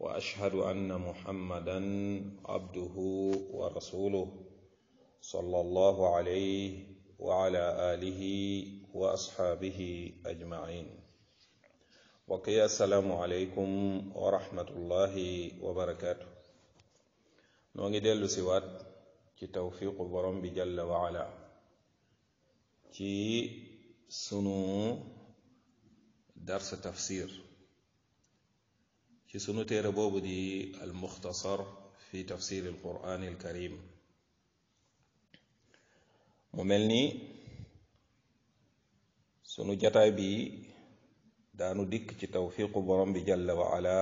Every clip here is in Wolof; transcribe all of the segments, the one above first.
واشهد ان محمدا عبده ورسوله صلى الله عليه وعلى اله واصحابه اجمعين وقيا السلام عليكم ورحمه الله وبركاته نوغي ديلو سيوات كي توفيق borom bi وعلا كي سنو درس تفسير ci sunu téere boobu di al muxtasar fi tafsir al quran mu mel ni sunu jataay bi daanu dikk ci tawfiqu borom bi jalla wa ala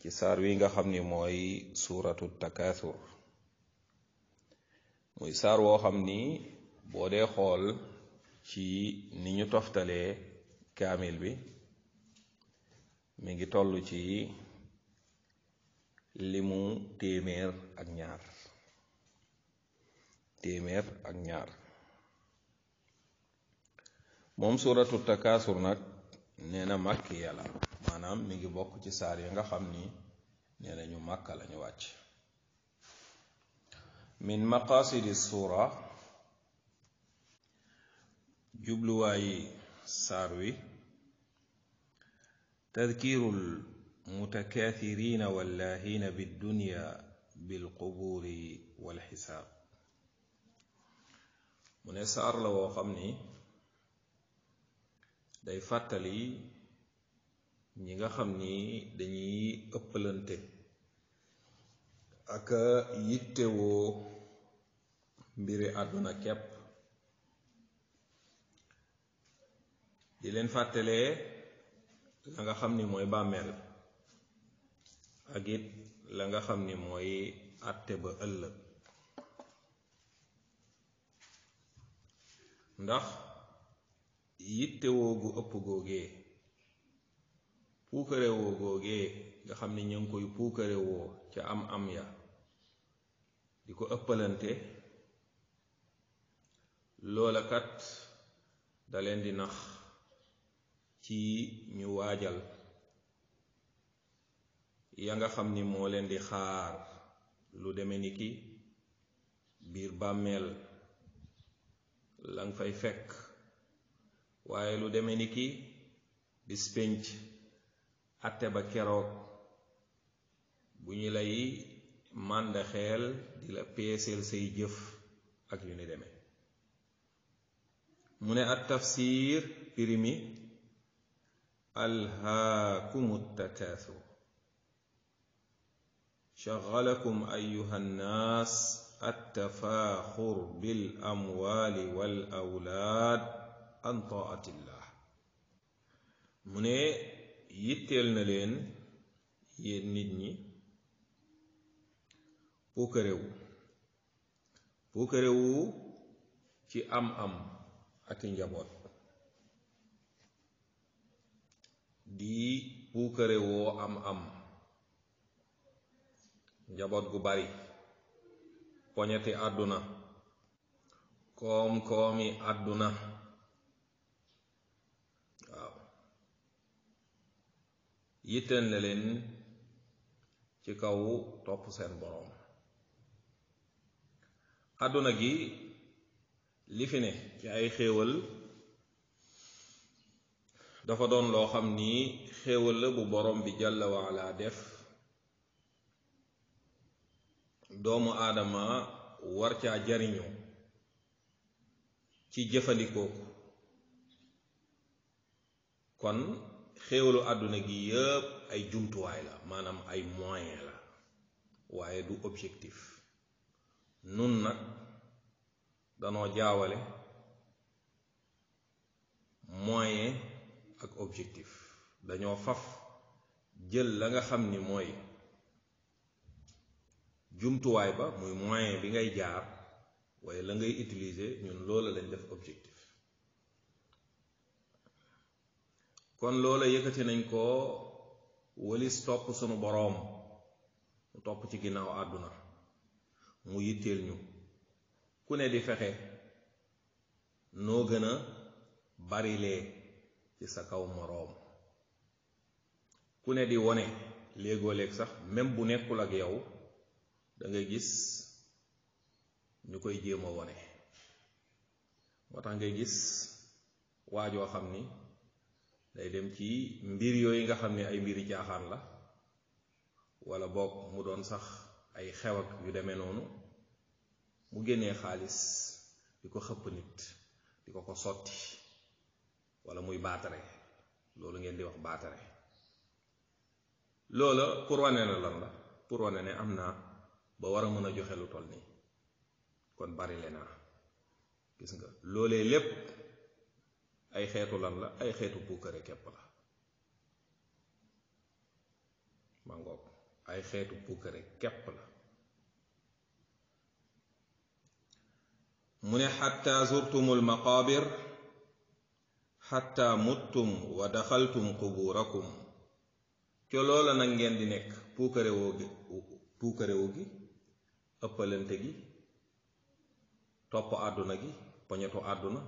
ci saar wi nga xam ni mooy suuratu takaathur mooy saar woo xam ni boo dee xool ci ni ñu toftalee kaamil bi mi ngi toll ci limu téeméer ak ñaar téeméer ak ñaar moom suratu takasur nag nee na màkki yàlla maanaam mi ngi bokk ci saar yi nga xam ni nee na ñu màkka la ñu wàcc min maqasidi sura jubluwaayi saar wi تذكير المتكاثرين واللاهين بالدنيا بالقبور والحساب mu ne saar la woo xam ni day fàttali ñi nga xam ni dañuy ëppalante ak yittewoo mbiri àdduna képp di leen fàttalee la nga xam ni mooy bàmmeel ak it la nga xam ni mooy àtte ba ëllëg ndax yittewoo gu ëpp googee puukarewoo googee nga xam ni ñu ngi koy puukarewoo ca am am ya di ko ëppalante loola kat da leen di nax ci ñu waajal ya nga xam ni moo leen di xaar lu deme ni ki biir bàmmeel lan fay fekk waaye lu deme ni ki bis pénc ba keroog bu ñu lay màndaxeel di la peeseel say jëf ak yu ni demee mu ne at tafsir pirimi ألهاكم التكاثر شغلكم أيها الناس التفاخر بالأموال والأولاد عن طاعة الله من يتلنا لين na leen yéen nit أم أم puukarewu ci di puukare woo am am njaboot gu bari poñeti àdduna koom-koomi àdduna waaw yitteel na leen ci kaw topp seen boroom àdduna gi li fi ne ci ay xéewal dafa doon loo xam ni xéewal la bu borom bi jàlla waala def doomu aadama war caa jariñu ci jëfandikoo ko kon xéewalu àdduna gi yépp ay jumtuwaay la maanaam ay moyen la waaye du objectif nun nag danoo jaawale moyen ak objectif dañoo faf jël la nga xam ni mooy jumtuwaay ba muy moyen bi ngay jaar waaye la ngay utilise ñun loola lañ def objectif kon loola yëkkati nañ ko walis topp sunu boroom mu topp ci ginnaaw àdduna mu yitteel ñu ku ne di fexe noo gën a barilee ci sa kaw moroom ku ne di wone léegoo léeg sax même bu nekkul ak yow dangay gis ñu koy jéem a wone moo tax ngay gis waajoo xam ni day dem ci mbir yooyu nga xam ne ay mbiri jaaxaan la wala boog mu doon sax ay xew yu demee noonu mu génnee xaalis di ko xëpp nit di ko ko sotti wala muy batare loolu ngeen di wax batare loola pour wane na lan la pour wane ne amna ba wara mëna joxe lu toll nii kon bari léna gis nga lolé lépp ay xeetu lan la ay xeetu puukare képp la ma ay xeetu puukare képp la mu ne xatta zurtumul maqabir xatta muttum wa daxaltum quburakum co loola nag ngeen di nekk gi puukarewu gi ëppalante gi topp àdduna gi poñetu àdduna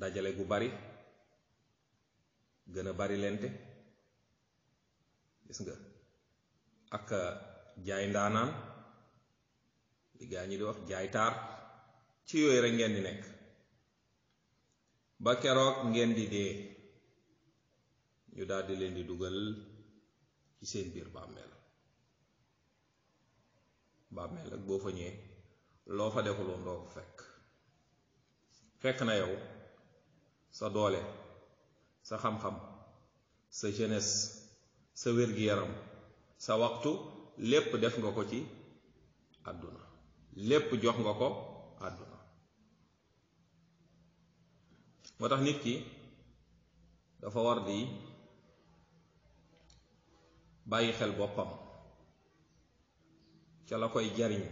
dajale gu bari gën a bari lente gis nga ak jaay ndaanaan li ñi di wax jaay taar ci yooyu rek ngeen di nekk ba keroog ngeen di dee ñu daldi leen di dugal ci seen biir bàmmeel bàmmeel boo fa ñëwee loo fa defuloon doo fekk fekk na yow sa doole sa xam-xam sa jeunesse sa wér-gi-yaram sa waxtu lépp def nga ko ci àdduna lépp jox nga ko àdduna motax nit ki dafa war di bàyyi xel boppam ca la koy jariñ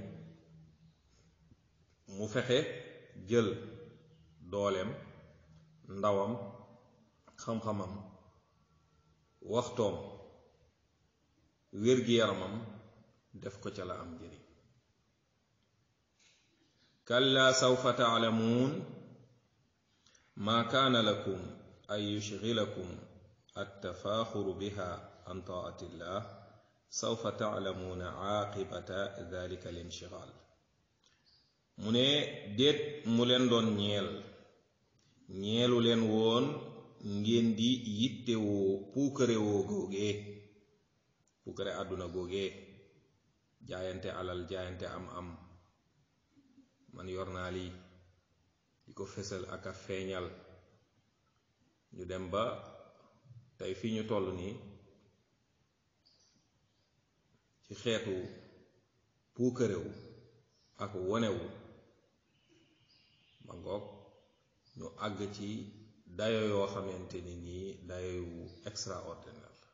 mu fexe jël dooleem ndawam xam-xamam waxtoom wér-gi-yaramam def ko ca la am jëriñ kalla sawfa taalamuun maa kaana lakum ay yushghilakum attafaaxuru biha an taatillah sawfa taalamuuna aaqibata dalika linshigal mu ne déet mu leen doon ñeel ñeelu leen woon ngeen di yittewoo puukarewoo googee puukare àdduna googee jaayante alal jaayante am am man yor naa di ko fësal ak a feeñal ñu dem ba tey fii ñu toll nii ci xeetu puukarewu ak wonewu ma ngoog ñu àgg ci dayo yoo xamante ni nii dayo yu extraordinaire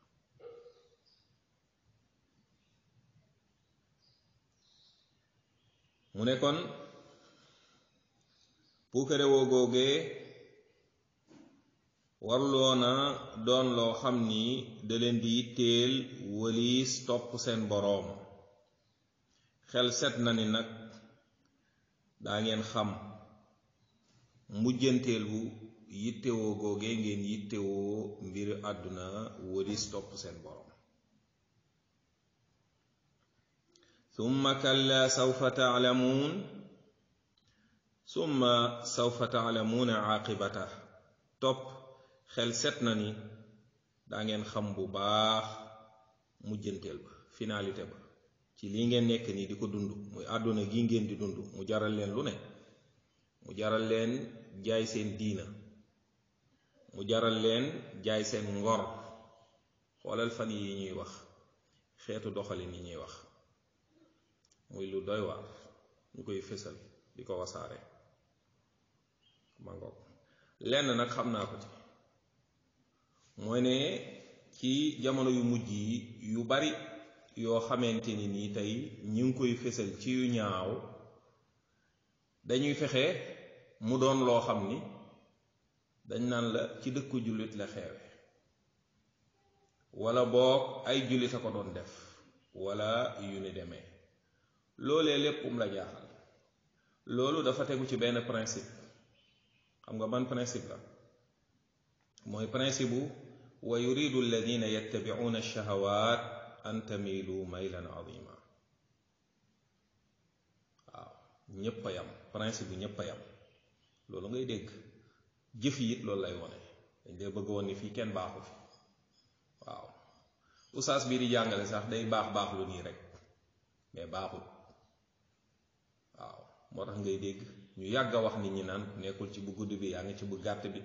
mu ne puukare woo googee warloona doon loo xam ni da leen di yitteel waliis topp seen boroom xel set na ni nag daa ngeen xam mujjanteelu bu yittewoo googee ngeen yittewoo mbiru àdduna waliis topp seen boroom summa kalla sawfa taalamuun summa sawfa taalamuuna aaqibata topp xel set na ni daa ngeen xam bu baax mujjanteel ba finalité ba ci lii ngeen nekk nii di ko dund muy àdduna gi ngeen di dund mu jaral leen lu ne mu jaral leen jaay seen diina mu jaral leen jaay seen ngor xoolal fan yi ñuy wax xeetu doxalin yi ñuy wax muy lu doy waar ñu koy fësal di ko wasaare maa lenn nag xam naa ko ci mooy ne ci jamono yu mujj yi yu bari yoo xamante ni nii tey ñu ngi koy fésal ci yu ñaaw dañuy fexe mu doon loo xam ni dañ naan la ci dëkku jullit la xeewe wala boog ay jullit a ko doon def wala yu ni demee loolee lépp la jaaxal loolu dafa tegu ci benn principe xam nga ban principe la mooy principe bu wa yuridu alladina yattabicuuna alshahawat an tamilu maylan azima waaw ñépp a yam principe bu ñépp loolu ngay dégg jëf yi loolu lay wone dañ dee bëgg woon ni fii kenn baaxu fi waaw usaas bii di jàngale sax day baax baax lu nii rek mais baaxul waaw moo tax ngay dégg ñu yàgg a wax nit ñi naan nekkul ci bu gudd bi yaa ngi ci bu gàtt bi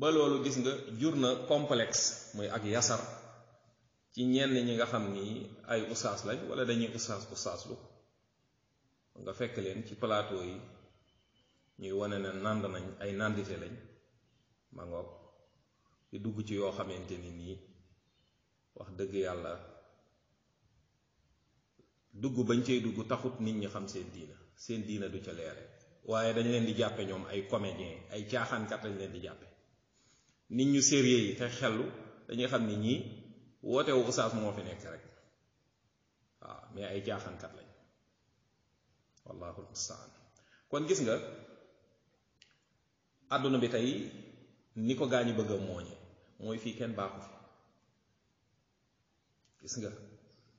ba loolu gis nga jur na complex mooy ak yasar ci ñenn ñi nga xam ni ay usaas lañ wala dañuy ustaas ustaas lu nga fekk leen ci palaato yi ñuy wane ne nànd nañ ay nàndite lañ ma dugg ci yoo xamante ni nii wax dëgg yàlla dugg bañ cay dugg taxut nit ñi xam seen diina seen diina du ca waaye dañ leen di jàppe ñoom ay comédien ay jaaxankat lañ leen di jàppe nit ñu sérieux yi te xellu dañuy xam ni ñii wootewu usaas moo fi nekk rek waaw mais ay jaaxankat lañ wallahul mustaan kon gis nga àdduna bi tey ni ko gaañu bëgg a mooñe mooy fii kenn baaxu fi gis nga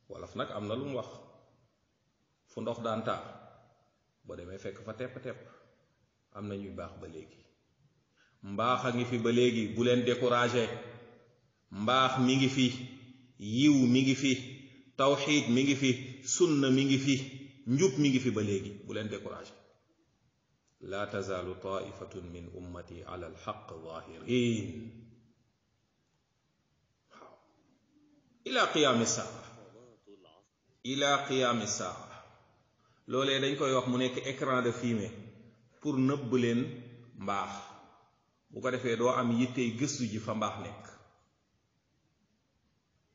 wolof nag am na lu mu wax fu ndox daan taa bo demé fekk fa tép tép am na ñuy baax ba légui mbax a ngi fi ba légui bu len décourager mbax mi ngi fi yiw mi ngi fi tawhid mi ngi fi sunna mi ngi fi njub mi ngi fi ba légui bu len décourager la tazalu taifatun min ummati ala alxaq zahirin waaw ila qiyami saa ila qiyami saa loolee dañ koy wax mu nekk écran de fumée pour nëbb leen mbaax bu ko defee doo am yittey gëstu ji fa mbaax nekk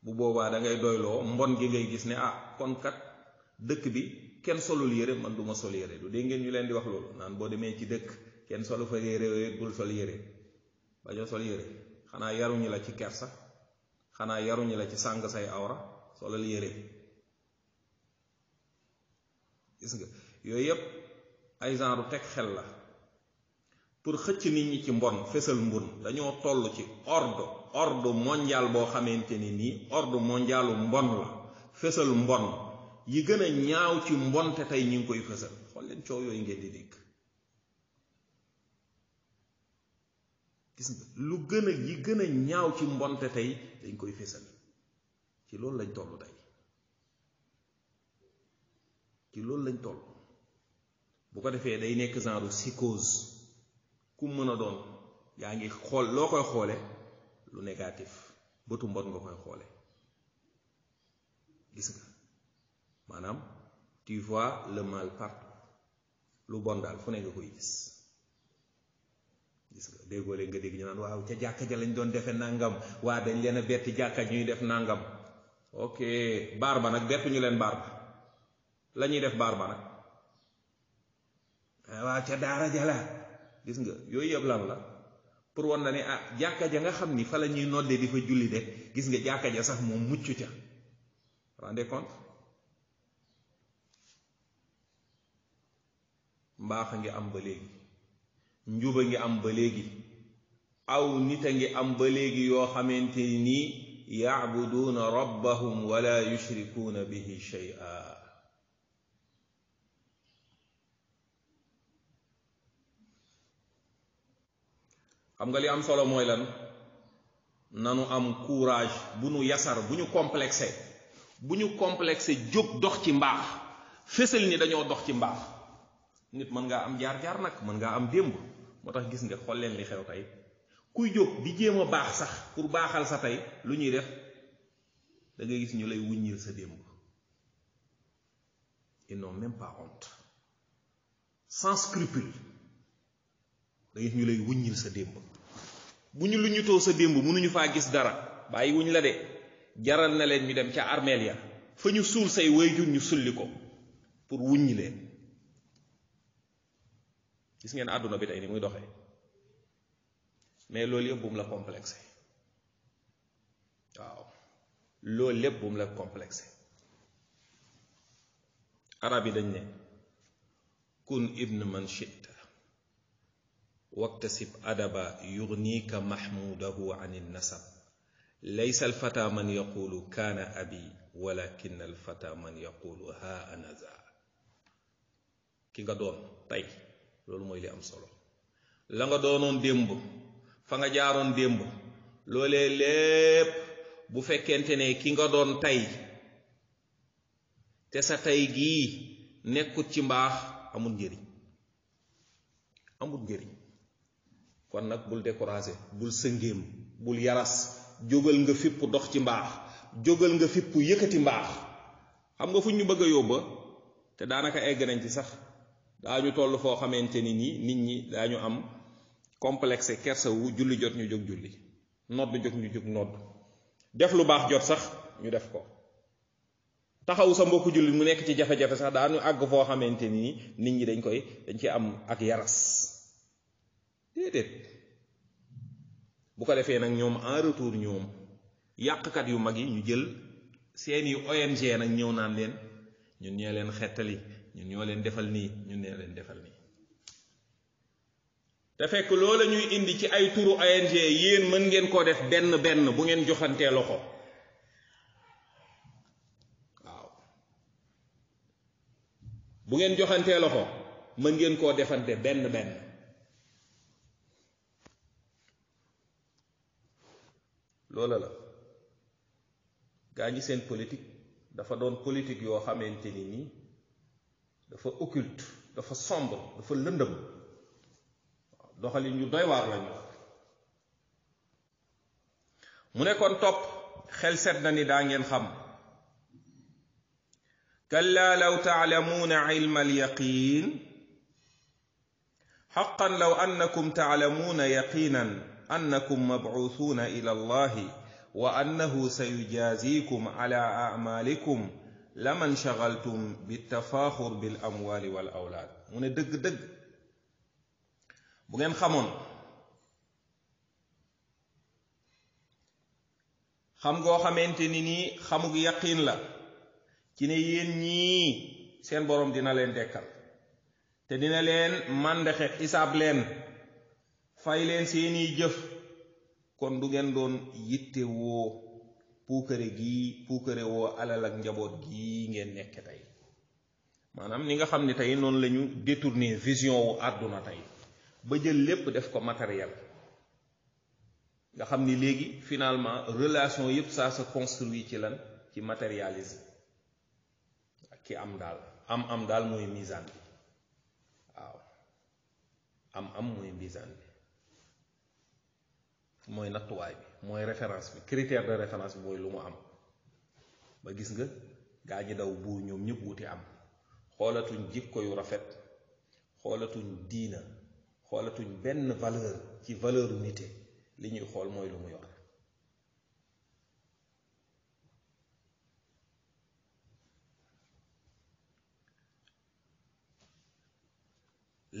bu boobaa da ngay doyloo mbon gi ngay gis ne ah kon kat dëkk bi kenn solul yére man du ma sol yére du dégg ngeen ñu leen di wax loolu naan boo demee ci dëkk kenn solu fa yére bul sol yére bañoo sol yére xanaa yaruñu la ci kersa xanaa yaruñu la ci sàng say awra solal yére gis nga yooyu yëpp ay genre teg xel la pour xëcc nit ñi ci mbon fésal mbon dañoo toll ci ordre ordre mondial boo xamante ni nii ordre mondialu mbon la fésal mbon yi gën a ñaaw ci mbon tey ñu ngi koy fésal xool leen coow yooyu ngeen di dégg gis nga lu gën a yi gën a ñaaw ci mbonte tey dañ koy fésal ci loolu lañ toll tey ci loolu lañ toll bu ko defee day nekk genre psychose ku mën a doon yaa ngi xool loo koy xoole lu négatif bëtu mbon nga koy xoole gis nga maanaam tu vois le mal partout lu bon daal fu ne nga koy gis gis nga déggoo leen nga dégg ñu naan waaw ca jàkka ja lañ doon defe nàngam waa dañ leen a betti jàkka ñuy def nàngam ok baar ba nag bettu ñu leen baar ba la ñuy def baar ba nag eh, waa ca daara ja la gis nga yooyu yëpp lam la pour wan na ne ah jàkka ja nga xam ni fa la ñuy nodde di fa julli de gis nga jàkka ja sax moom mucc ca rendez mbaax a ngi am ba léegi njuba ngi am ba léegi aw nit a ngi am ba léegi yoo xamante nii yaabuduuna rabbahum wala yushrikuuna bihi shay'a xam nga li am solo mooy lan nanu am courage bu nu yasar bu ñu complexé bu ñu complexé jóg dox ci mbaax fésal ni dañoo dox ci mbaax nit mën ngaa am jaar-jaar nag mën ngaa am démb moo tax gis nga xool leen li xew tey kuy jóg di jéem a baax sax pour baaxal sa tey lu ñuy def da gis ñu lay wuññil sa démb ils n'ont même pas da ngay ñu lay wuññil sa démb bu ñu lu ñu too sa démb mënuñu faa gis dara bàyyi wuñ la de jaral na leen ñu dem ca armeel ya fa ñu suul say wayjur ñu sulli ko pour wuññi leen gis ngeen àdduna bi tey ni muy doxee mais loolu yëpp bu mu la complexé waaw loolu lépp bu mu la complexé arab yi dañ ne kun ibn man shit waktasib adaba yugnika mahmudahu an nasab laysa alfata man yaqulu kaana abi walakin alfata man yaqulu ha anaza ki nga doon tey loolu mooy li am solo la nga doonoon démb fa nga jaaroon démb loolee lépp bu fekkente ne ki nga doon tey te sa tey gii nekkut ci mbaax amul njëriñ amul njëriñ kon nag bul découragé bul sëngéem bul yaras jógal nga fipp dox ci mbaax jógal nga fipp yëkkati mbaax xam nga fu ñu bëgg a yóbba te daanaka egg nañ ci sax daañu toll foo xamante ni nii nit ñi daañu am complexe kersa wu julli jot ñu jóg julli nodd jóg ñu jóg nodd def jot sax ñu def ko taxaw sa mbokku jullit mu nekk ci jafe-jafe sax àgg foo xamante ni nit ñi dañ koy dañ ci am ak yaras déedéet bu ko defee nag ñoom en retour ñoom yàqkat yu mag yi ñu jël seeni ONG nag ñëw naan leen ñun ñoo leen xettali ñun ñoo leen defal nii ñun ñoo leen defal nii te fekk loola ñuy indi ci ay turu ONG yéen mën ngeen koo def benn benn bu ngeen joxantee loxo waaw bu ngeen joxantee loxo mën ngeen koo defante benn benn loola la gaa ñi seen politique dafa doon politique yoo xamante ni nii dafa occulte dafa sombre dafa lëndëm doxali ñu doy waar lañu mu ne kon topp xel set na ni daa ngeen xam كلا لو تعلمون علم اليقين حقا لو انكم تعلمون يقينا أنكم مبعوثون إلى الله وأنه سيجازيكم على أعمالكم لما انشغلتم بالتفاخر بالأموال والأولاد mu ne dëgg-dëgg bu ngeen xamoon xam ngoo xamante ni nii xamug yaqiin la ci ne yéen ñii seen borom dina leen dekkal te dina leen màndaxe xisaab leen fay leen seeni jëf kon du ngeen doon yitte woo puukare gii puukare woo alal ak njaboot gii ngeen nekk tey maanaam ni nga xam ni tey noonu lañu ñu détourner vision wu àdduna tey ba jël lépp def ko matériel nga xam ni léegi finalement relation yépp ça se construit ci lan ci matérialisme ak ki am daal am am daal mooy misaan bi waaw am am mooy misaan bi mooy nattuwaay bi mooy référence bi critère de référence bi mooy lu mu am ba gis nga gaa ñi daw buur ñoom ñëpp wuti am xoolatuñ jikko yu rafet xoolatuñ diina xoolatuñ benn valeur ci valeur nité li ñuy xool mooy lu mu yor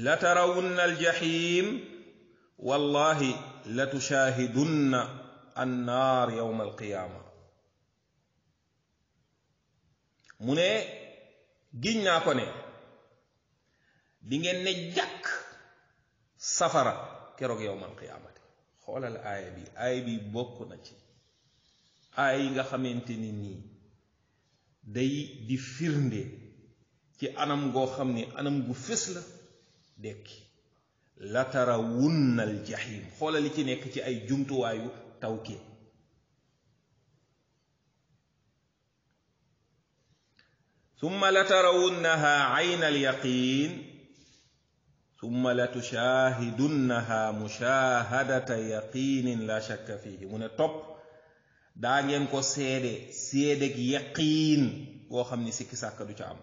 la tarawunna al wallahi la tushaahidunna annaar yowma alqiyaama mu ne giñ naa ko ne di ngeen ne jàkk safara keroog yowma alqiyaamati xoolal aaya bi aaya bi bokk na ci aaya yi nga xamante ni nii day di firnde ci anam goo xam ne anam gu fés la dekki latarawunna aljahim xoola li ci nekk ci ay jumtuwaayu tawkiid summa latarawunnaha ayna alyaqin summa latushahidunnaha mushahadata yaqinin la shakka fihi mu ne topp daa ngeen ko seede seedeg yaqiin boo xam ni sikki sàkk du ca am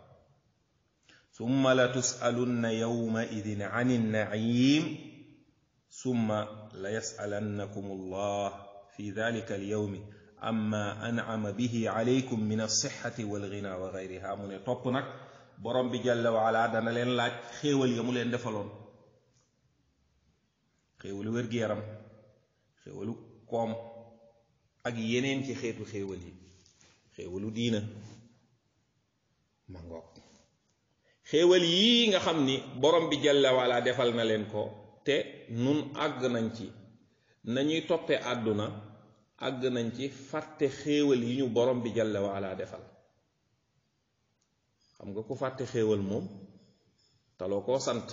ثم لتسألن يومئذ عن النعيم ثم يسألنكم الله في ذلك اليوم أما أنعم به عليكم من الصحة والغنى وغيرها من يطبنك برم بجل وعلا دانا لين لاج خيول يمول يندفلون خيول ورغيرم خيول قوم اك ينين تي خيتو خيول خيول دينا مانغوك xéewal yii nga xam ni borom bi jalla wala defal na leen ko te nun àgg nañ ci nañuy toppe àdduna àgg nañ ci fàtte xéewal yi ñu borom bi jalla wala defal xam nga ku fàtte xéewal moom taloo koo sant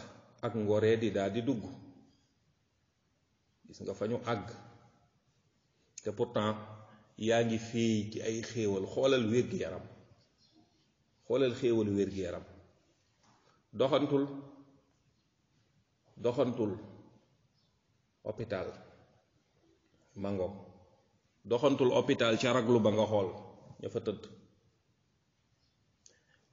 ak ngoree di daal di dugg gis nga fa ñu àgg te pourtant yaa ngi féey ci ay xéewal xoolal wér-gi-yaram xoolal xéewalu wér-gi-yaram doxantul doxantul hôpital mango doxantul hôpital ci raglu ba nga xol ña fa teud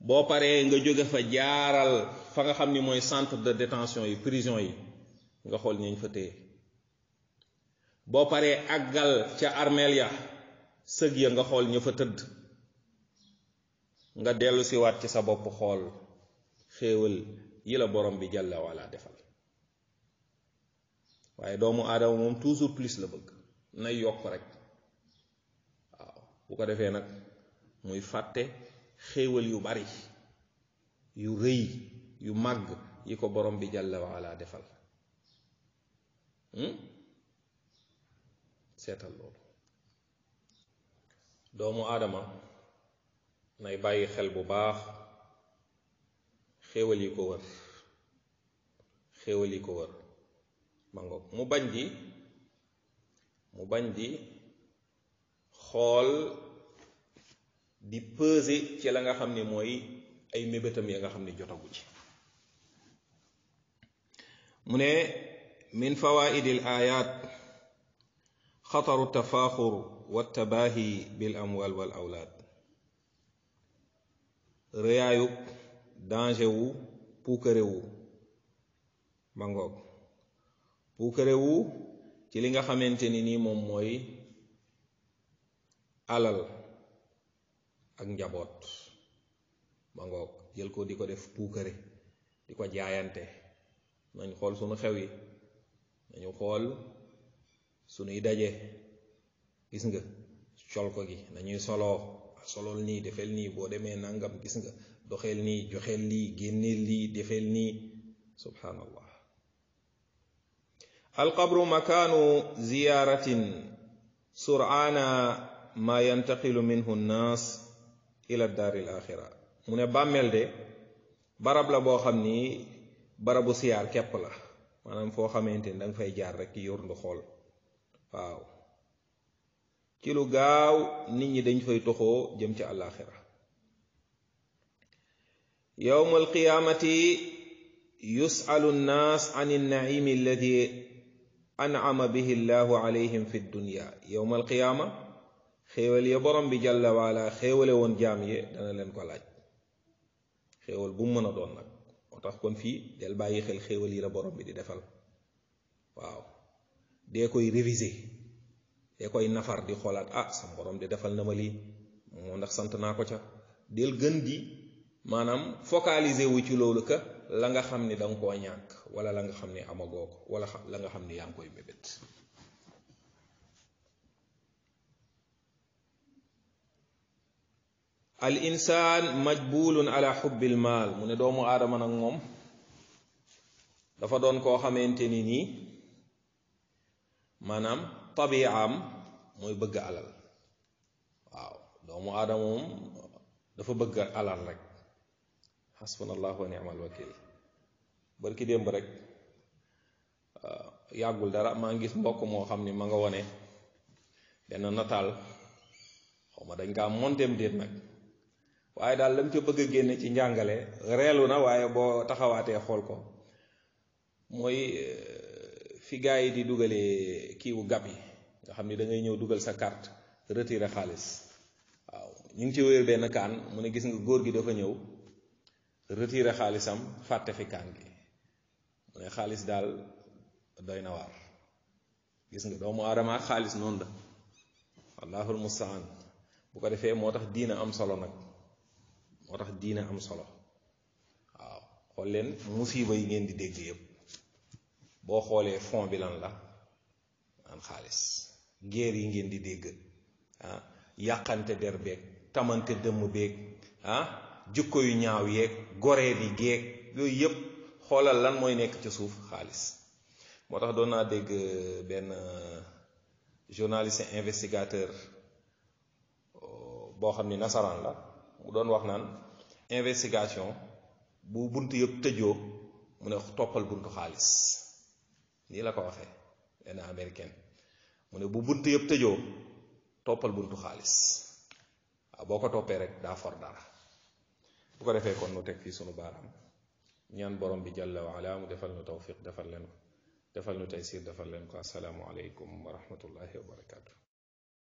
bo paré nga jóge fa jaaral fa nga xamni ni centre de détention yi prison yi nga xool ñañ fa téye bo paré agal ci armeel ya ya nga xol ña fa teud nga ci wat ci sa bop xol xéewal yi la borom bi jàlla wala defal waaye doomu aadama moom toujours plus la bëgg nay yokk rek waaw bu ko defee nag muy fàtte xéewal yu bari yu rëy yu màgg yi ko borom bi jàlla wala defal hmm? seetal loolu doomu aadama nay bàyyi xel bu baax xéewal yi ko wër xéewal yi ko wër ma ngoog mu bañ di mu bañ di xool di peser ci la nga xam ne mooy ay mébétam ya nga xam ne jotagu ci mu ne min fawaidi l ayat xataru tafaaxur waltabaahi bil amwal wal awlaad rëyaayub danger wu puukare wu ma puukare wu ci li nga xamante ni nii moom mooy alal ak njaboot ma jël ko di ko def puukare di ko jaayante nañu xool sunu xew yi nañu xool sunuy daje gis nga col gi nañuy soloo solol nii defee nii boo demee nangam gis nga doxeel nii joxeel lii génneel lii defeel nii subhaanallah alqabru makaanu ziyaaratin suraana ma yantaqilu minhu nnaas ila daari l mu ne bàmmeel de barab la boo xam ni barabu siyaar képp la maanaam foo xamante ni danga fay jaar rek yor ndu xool waaw ci lu gaaw nit ñi dañ fay toxoo jëm ci àllaaxira يوم القيامة يسأل الناس عن النعيم الذي أنعم به الله عليهم في الدنيا يوم القيامة خيول يبرم بجل وعلا خيول ون جامية دانا لن كلاج خيول بمنا من دون في دل بايي خيل خيول يبرم بدي دفل واو دي كوي ريفيزي دي كوي نفر دي خولات اه سمبرم دي دفل نمالي لي مو ndax sant naa manam focaliser wu ci loolu que la nga xamni dang ko ñak wala la nga xamni ni wala la nga xamni yang koy mébét al insan majbulun ala hubbil mal mune ne doomu aadama nak moom dafa don ko xamanteni ni manam tabi'am moy bëgg alal waaw doomu aadama moom dafa bëgg alal rek xasbunallahu wa ni'mal wakil barki démb rek uh, yàggul dara maa ngi gis mbokk moo xam ni ma nga wone benn nataal xaw ma dañ kaa monteem déet nag waaye daal lam ca bëgg a génne ci njàngale reelu na waaye boo taxawaatee xool ko mooy uh, fi gaa yi di dugalee kiiwu gab yi nga xam ni da ñëw dugal sa carte retiré xaalis waaw ñu ngi ci wéer benn kaan mu ne gis nga góor gi dafa ñëw retiré xaalisam fàtte fi kaan gi mu ne xaalis daal doy na waar gis nga doomu aadama xaalis noonu la wallahul mustaan bu ko defee moo tax diina am solo nag moo tax diina am solo waaw xool leen musiba yi ngeen di dégg yépp boo xoolee fond bi lan la an xaalis géer yi ngeen di dégg ah yàqante der beeg tamante dëmm beeg ah. jukko yu ñaaw yeeg goree di geeg yooyu yëpp xoolal lan mooy nekk ci suuf xaalis moo tax doon naa dégg euh, benn euh, journaliste investigateur euh, boo xam ni nasaraan la mu doon wax naan investigation bu bunt yëpp tëjoo mu ne toppal buntu xaalis nii la ko waxee benn américain mu ne bu bunt yëpp tëjoo toppal buntu xaalis waaw boo ko toppee rek daa for dara bu ko defee kon nu teg fii sunu baaraam ñaan borom bi jàlla wa ala mu defal nu tawfiq defal leen ko defal nu tey taysiir defal leen ko asalaamu aleykum wa rahmatullahi wa barakaatu.